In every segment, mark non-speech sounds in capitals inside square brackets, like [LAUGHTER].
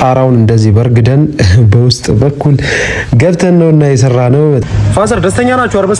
ጣራውን እንደዚህ በርግደን [LAUGHS] በውስጥ በኩል ገብተን ነው እና የሰራ ነው። ፋዘር ደስተኛ ናችሁ? አርበ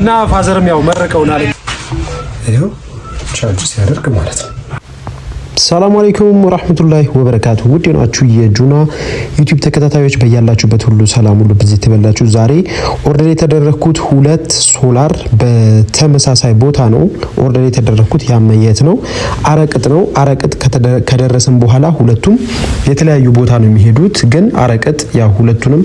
እና ፋዘርም ያው አለ ይኸው ቻርጅ ሲያደርግ ማለት ነው ሰላም አለይኩም ወራህመቱላሂ ወበረካቱ። ውድ ናችሁ የጁና ዩቲዩብ ተከታታዮች በያላችሁበት ሁሉ ሰላም ሁሉ ብዚህ ትበላችሁ። ዛሬ ኦርደር የተደረግኩት ሁለት ሶላር በተመሳሳይ ቦታ ነው። ኦርደር የተደረግኩት ያመየት ነው፣ አረቅጥ ነው። አረቅጥ ከደረስን በኋላ ሁለቱም የተለያዩ ቦታ ነው የሚሄዱት፣ ግን አረቅጥ ያው ሁለቱንም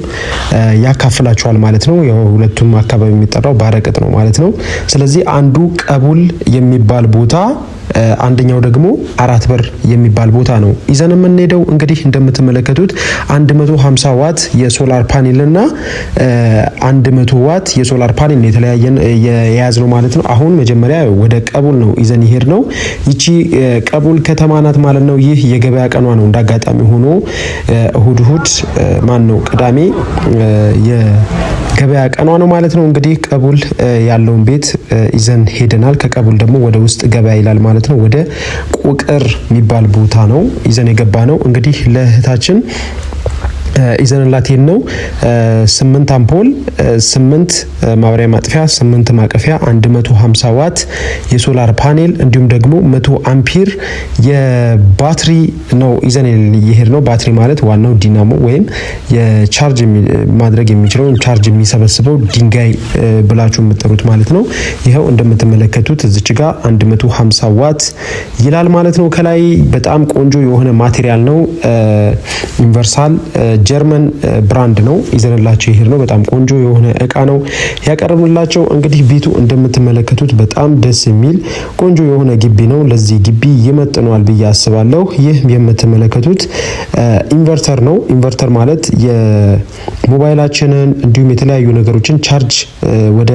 ያካፍላቸዋል ማለት ነው። ያው ሁለቱም አካባቢ የሚጠራው በአረቅጥ ነው ማለት ነው። ስለዚህ አንዱ ቀቡል የሚባል ቦታ አንደኛው ደግሞ አራት በር በር የሚባል ቦታ ነው ይዘን የምንሄደው። እንግዲህ እንደምትመለከቱት 150 ዋት የሶላር ፓኔል እና 100 ዋት የሶላር ፓኔል የተለያየ የያዝ ነው ማለት ነው። አሁን መጀመሪያ ወደ ቀቡል ነው ይዘን ይሄድ ነው። ይቺ ቀቡል ከተማ ናት ማለት ነው። ይህ የገበያ ቀኗ ነው። እንዳጋጣሚ ሆኖ እሁድ እሁድ ማን ነው ቅዳሜ ገበያ ቀኗ ነው ማለት ነው። እንግዲህ ቀቡል ያለውን ቤት ይዘን ሄደናል። ከቀቡል ደግሞ ወደ ውስጥ ገበያ ይላል ማለት ነው። ወደ ቁቅር የሚባል ቦታ ነው ይዘን የገባ ነው እንግዲህ ለእህታችን ኢዘንላቴን ነው። ስምንት አምፖል፣ ስምንት ማብሪያ ማጥፊያ፣ ስምንት ማቀፊያ፣ 150 ዋት የሶላር ፓኔል እንዲሁም ደግሞ 100 አምፒር የባትሪ ነው ይዘን የሄድ ነው። ባትሪ ማለት ዋናው ዲናሞ ወይም የቻርጅ ማድረግ የሚችለው ቻርጅ የሚሰበስበው ድንጋይ ብላችሁ የምጠሩት ማለት ነው። ይኸው እንደምትመለከቱት እዚች ጋር 150 ዋት ይላል ማለት ነው። ከላይ በጣም ቆንጆ የሆነ ማቴሪያል ነው። ዩኒቨርሳል ጀርመን ብራንድ ነው ይዘንላቸው ይሄድ ነው። በጣም ቆንጆ የሆነ እቃ ነው ያቀረብንላቸው። እንግዲህ ቤቱ እንደምትመለከቱት በጣም ደስ የሚል ቆንጆ የሆነ ግቢ ነው። ለዚህ ግቢ ይመጥነዋል ብዬ አስባለሁ። ይህ የምትመለከቱት ኢንቨርተር ነው። ኢንቨርተር ማለት የሞባይላችንን እንዲሁም የተለያዩ ነገሮችን ቻርጅ ወደ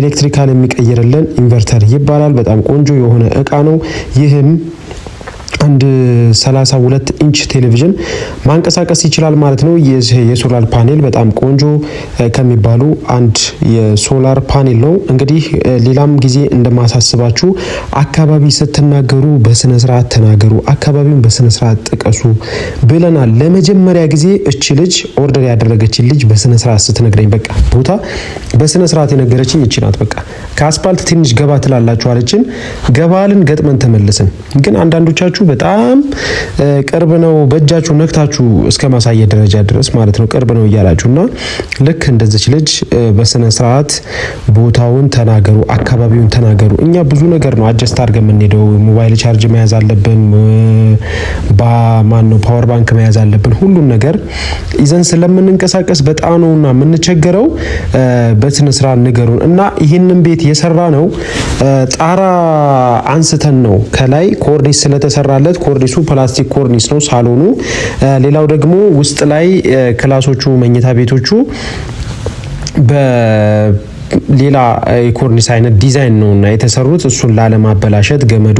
ኤሌክትሪካል የሚቀይርልን ኢንቨርተር ይባላል። በጣም ቆንጆ የሆነ እቃ ነው። ይህም አንድ 32 ኢንች ቴሌቪዥን ማንቀሳቀስ ይችላል ማለት ነው። የሶላር ፓኔል በጣም ቆንጆ ከሚባሉ አንድ የሶላር ፓኔል ነው። እንግዲህ ሌላም ጊዜ እንደማሳስባችሁ አካባቢ ስትናገሩ በስነ ስርዓት ተናገሩ፣ አካባቢውን በስነ ስርዓት ጥቀሱ ብለናል። ለመጀመሪያ ጊዜ እች ልጅ ኦርደር ያደረገችን ልጅ በስነ ስርዓት ስትነግረኝ በቃ ቦታ በስነ ስርዓት የነገረችኝ እች ናት። በቃ ከአስፓልት ትንሽ ገባ ትላላችሁ አለችን። ገባልን ገጥመን ተመልስን። ግን አንዳንዶቻችሁ በጣም ቅርብ ነው፣ በእጃችሁ ነክታችሁ እስከ ማሳየት ደረጃ ድረስ ማለት ነው። ቅርብ ነው እያላችሁ እና ልክ እንደዚች ልጅ በስነ ስርዓት ቦታውን ተናገሩ፣ አካባቢውን ተናገሩ። እኛ ብዙ ነገር ነው አጀስት አድርገን የምንሄደው። ሞባይል ቻርጅ መያዝ አለብን፣ ማነው ፓወር ባንክ መያዝ አለብን። ሁሉን ነገር ይዘን ስለምንንቀሳቀስ በጣም ነውና የምንቸገረው። በስነ ስርዓት ንገሩን እና ይህንን ቤት የሰራ ነው ጣራ አንስተን ነው ከላይ ኮርኒስ ስለተሰራ የተሰራለት ኮርኒሱ ፕላስቲክ ኮርኒስ ነው ሳሎኑ። ሌላው ደግሞ ውስጥ ላይ ክላሶቹ መኝታ ቤቶቹ በ ሌላ የኮርኒስ አይነት ዲዛይን እና የተሰሩት እሱን ላለማበላሸት ገመዱ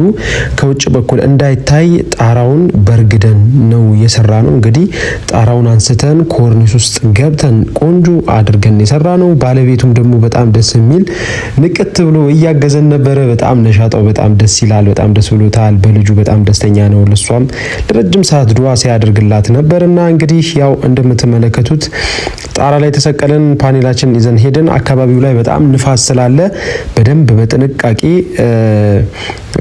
ከውጭ በኩል እንዳይታይ ጣራውን በርግደን ነው የሰራ ነው። እንግዲህ ጣራውን አንስተን ኮርኒስ ውስጥ ገብተን ቆንጆ አድርገን የሰራ ነው። ባለቤቱም ደግሞ በጣም ደስ የሚል ንቅት ብሎ እያገዘን ነበረ። በጣም ነሻጣው በጣም ደስ ይላል። በጣም ደስ ብሎታል። በልጁ በጣም ደስተኛ ነው። ለሷም ለረጅም ሰዓት ድዋ ሲያደርግላት እና እንግዲህ ያው እንደምትመለከቱት ጣራ ላይ ተሰቀለን ፓኔላችን ይዘን ሄደን አካባቢው ላይ በጣም ንፋስ ስላለ በደንብ በጥንቃቄ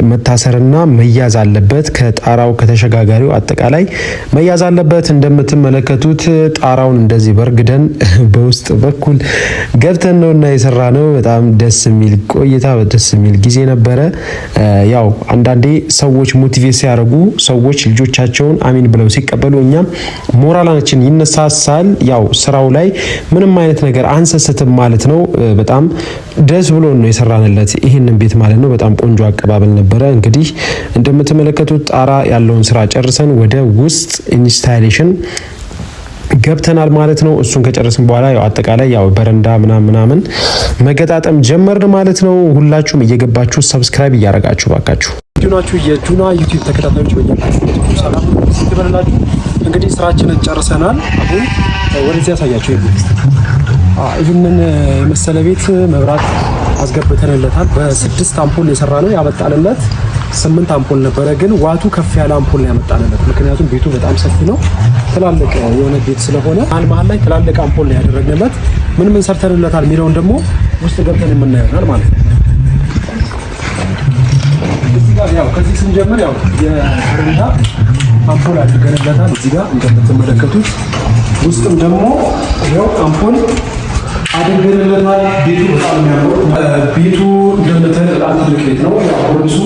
መታሰርና መያዝ አለበት። ከጣራው ከተሸጋጋሪው አጠቃላይ መያዝ አለበት። እንደምትመለከቱት ጣራውን እንደዚህ በርግደን [LAUGHS] በውስጥ በኩል ገብተን እና የሰራ ነው። በጣም ደስ የሚል ቆይታ፣ ደስ የሚል ጊዜ ነበረ። ያው አንዳንዴ ሰዎች ሞቲቬት ሲያደርጉ ሰዎች ልጆቻቸውን አሚን ብለው ሲቀበሉ እኛም ሞራላችን ይነሳሳል። ያው ስራው ላይ ምንም አይነት ነገር አንሰስትም ማለት ነው። በጣም ደስ ብሎ ነው የሰራንለት ይህንን ቤት ማለት ነው። በጣም ቆንጆ አቀባበል ነበረ። እንግዲህ እንደምትመለከቱት ጣራ ያለውን ስራ ጨርሰን ወደ ውስጥ ኢንስታሌሽን ገብተናል ማለት ነው። እሱን ከጨረስን በኋላ ያው አጠቃላይ ያው በረንዳ ምናምን ምናምን መገጣጠም ጀመርን ማለት ነው። ሁላችሁም እየገባችሁ ሰብስክራይብ እያደረጋችሁ ባካችሁ ናችሁ የጁና ዩቲዩብ ተከታታዮች በያላችሁ ሰላም ይበልላችሁ። እንግዲህ ስራችንን ጨርሰናል። አሁን ወደዚህ ያሳያችሁ ይህንን የመሰለ ቤት መብራት አስገብተንለታል። በስድስት አምፖል የሰራ ነው ያመጣንለት። ስምንት አምፖል ነበረ፣ ግን ዋቱ ከፍ ያለ አምፖል ነው ያመጣንለት። ምክንያቱም ቤቱ በጣም ሰፊ ነው፣ ትላልቅ የሆነ ቤት ስለሆነ መሀል መሀል ላይ ትላልቅ አምፖል ነው ያደረግንለት። ምን ምን ሰርተንለታል የሚለውን ደግሞ ውስጥ ገብተን የምናየናል ማለት ነው። ከዚህ ስንጀምር ያው የረንዳ አምፖል አድርገንለታል። እዚህ ጋር እንደምትመለከቱት ውስጥም ደግሞ ይኸው አምፖል አድርገንለታል። ቤቱ በጣም የሚያምረው ቤቱ እንደምታዩት በጣም ትልቅ ቤት ነው። ኮርኒሱ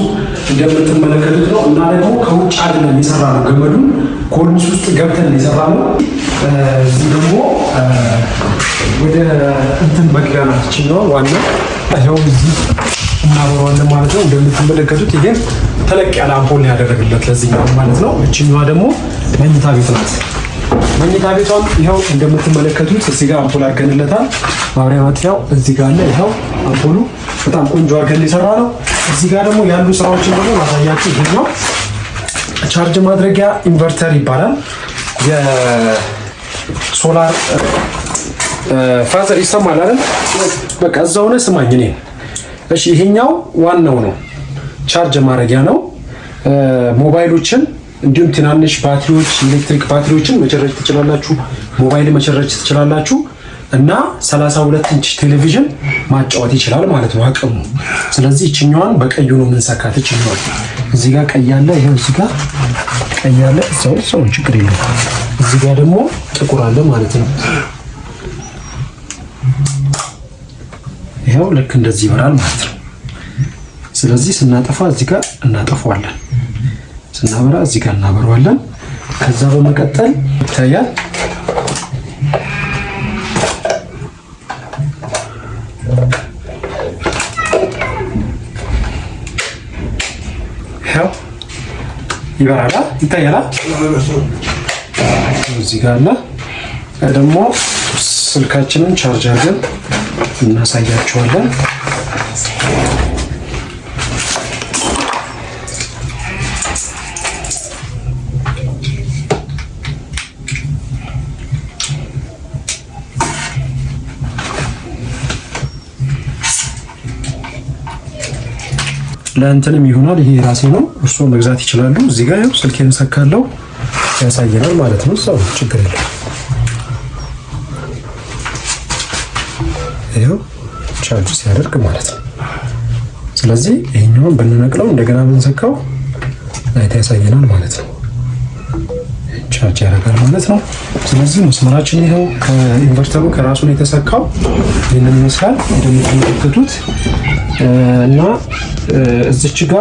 እንደምትመለከቱት ነው እና ደግሞ ከውጭ አይደለም የሰራ ነው። ገመዱን ኮርኒስ ውስጥ ገብተን የሰራ ነው። እዚህ ደግሞ ወደ እንትን መግቢያ ናችን ነው ዋና ያው እዚህ እናበረዋለን ማለት ነው። እንደምትመለከቱት ይሄን ተለቅ ያለ አምፖል ያደረግለት ለዚህኛው ማለት ነው። እችኛዋ ደግሞ መኝታ ቤት ናት። መኝታ ቤቷም ይኸው እንደምትመለከቱት እዚህ ጋር አምፖል አድርገንለታል። ማብሪያ ማጥፊያው እዚህ ጋር አለ። ይኸው አምፖሉ በጣም ቆንጆ አድርገን የሰራ ነው። እዚህ ጋር ደግሞ ያሉ ስራዎችን ደግሞ ማሳያችሁ ይሄ ነው። ቻርጅ ማድረጊያ ኢንቨርተር ይባላል። የሶላር ፋዘር ይሰማል አይደል? በቃ እዛ ሆነ ስማኝ እኔ። እሺ ይሄኛው ዋናው ነው፣ ቻርጅ ማድረጊያ ነው ሞባይሎችን እንዲሁም ትናንሽ ባትሪዎች ኤሌክትሪክ ባትሪዎችን መቸረጅ ትችላላችሁ። ሞባይል መቸረጅ ትችላላችሁ። እና 32 ኢንች ቴሌቪዥን ማጫወት ይችላል ማለት ነው አቅሙ። ስለዚህ እችኛዋን በቀዩ ነው የምንሰካት። እችኛዋን እዚህ ጋር ቀይ አለ፣ ይሄው እዚህ ጋር ቀይ አለ። ሰው ሰው ችግር የለም። እዚህ ጋር ደግሞ ጥቁር አለ ማለት ነው። ይሄው ልክ እንደዚህ ይበራል ማለት ነው። ስለዚህ ስናጠፋ እዚህ ጋር እናጠፋዋለን። ስናበራ እዚህ ጋር እናበረዋለን። ከዛ በመቀጠል ይታያል ይበራላ ይታያላ። እዚህ ጋር አለ ደግሞ ስልካችንን ቻርጅ አድርገን እናሳያቸዋለን። ለእንትንም ይሆናል። ይሄ ራሴ ነው፣ እርስዎ መግዛት ይችላሉ። እዚህ ጋር ያው ስልኬን ሰካለው ያሳየናል ማለት ነው። ሰው ችግር የለም። ይኸው ቻርጅ ሲያደርግ ማለት ነው። ስለዚህ ይሄኛውን ብንነቅለው እንደገና ብንሰካው ላይታ ያሳየናል ማለት ነው። እንዲመች ያደርጋል ማለት ነው። ስለዚህ መስመራችን ይኸው ከኢንቨርተሩ ከራሱ ነው የተሰካው። ይህንን ይመስላል እንደምትመለከቱት እና እዚች ጋ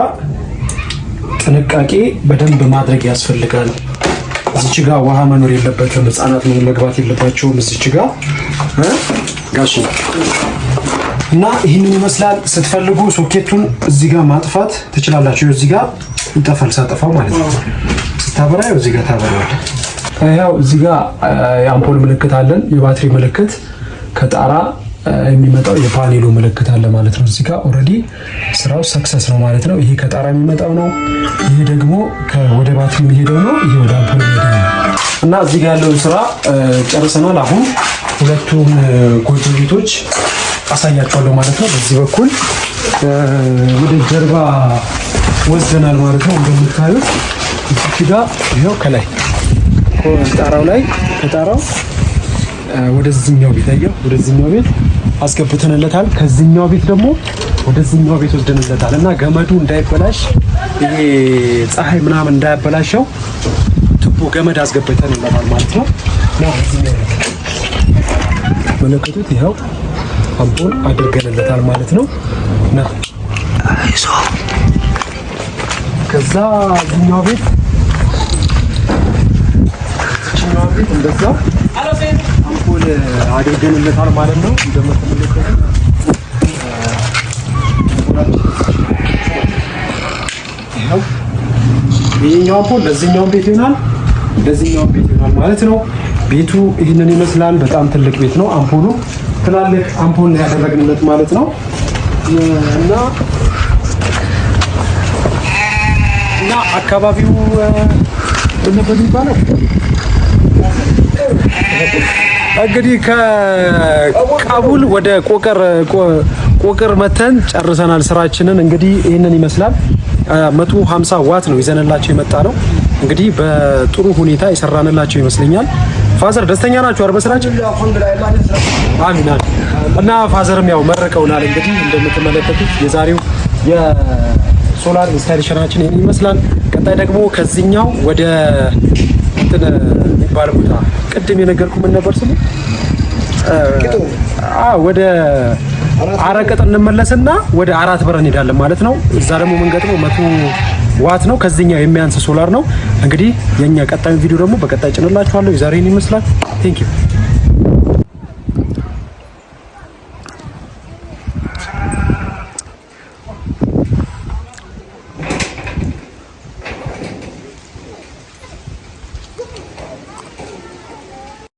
ጥንቃቄ በደንብ ማድረግ ያስፈልጋል። እዚች ጋ ውሃ መኖር የለበትም። ህፃናት ህጻናት መግባት የለባቸውም። እዚች ጋ ጋሽ እና ይህንን ይመስላል። ስትፈልጉ ሶኬቱን እዚህ ጋር ማጥፋት ትችላላችሁ። እዚህ ጋር ይጠፋል፣ ሳጠፋው ማለት ነው። ስታበራ እዚህ ጋር ታበራዋል። ያው እዚህ ጋር የአምፖል ምልክት አለን። የባትሪ ምልክት ከጣራ የሚመጣው የፓኔሉ ምልክት አለ ማለት ነው። እዚህ ጋር ኦልሬዲ ስራው ሰክሰስ ነው ማለት ነው። ይሄ ከጣራ የሚመጣው ነው። ይሄ ደግሞ ወደ ባትሪ የሚሄደው ነው። ይሄ ወደ አምፖል የሚሄደው ነው እና እዚህ ጋር ያለውን ስራ ጨርሰናል። አሁን ሁለቱን ጎጆ ቤቶች አሳያቸዋለሁ ማለት ነው። በዚህ በኩል ወደ ጀርባ ወስደናል ማለት ነው። እንደምታዩት እዚህ ጋር ይኸው ከላይ ጣራው ላይ ከጣራው ወደዚህኛው ቤት አየው፣ ወደዚህኛው ቤት አስገብተንለታል። ከዚህኛው ቤት ደግሞ ወደዚህኛው ቤት ወስደንለታል እና ገመዱ እንዳይበላሽ ይሄ ፀሐይ ምናምን እንዳያበላሸው ቱቦ ገመድ አስገብተንለታል ማለት ነው። መለከቱት ይኸው አምፖል አድርገንለታል ማለት ነው። እና ከዛ እዚህኛው ቤት ይችኛዋ ቤት እንደዛ አምፖል አድርገንለታል ማለት ነው። እንደምትመለከቱት ይህኛው አምፖል ለዚህኛው ቤት ይሆናል፣ ለዚህኛው ቤት ይሆናል ማለት ነው። ቤቱ ይህንን ይመስላል። በጣም ትልቅ ቤት ነው። አምፖሉ ትላልቅ አምፖል ያደረግንለት ማለት ነው እና እና አካባቢው ምንድን ነው የሚባለው እንግዲህ ከቀቡል ወደ ቆቀር ቆቀር መተን ጨርሰናል ስራችንን። እንግዲህ ይህንን ይመስላል። 150 ዋት ነው ይዘንላቸው የመጣ ነው። እንግዲህ በጥሩ ሁኔታ የሰራንላቸው ይመስለኛል። ፋዘር ደስተኛ ናቸው አርበ በስራችን? እና ፋዘርም ያው መርቀውናል። እንግዲህ እንደምትመለከቱት የዛሬው የሶላር ኢንስታሌሽናችን ይህን ይመስላል። ቀጣይ ደግሞ ከዚህኛው ወደ እንትን የሚባል ቦታ ቅድም የነገርኩ ምን ነበር ስሙ? ወደ አረቀጥ እንመለስና ወደ አራት በር እንሄዳለን ማለት ነው። እዛ ደግሞ የምንገጥመው መቶ ዋት ነው። ከዚህኛው የሚያንስ ሶላር ነው። እንግዲህ የኛ ቀጣዩ ቪዲዮ ደግሞ በቀጣይ ጭንላችኋለሁ። የዛሬን ይመስላል። ቴንክ ዩ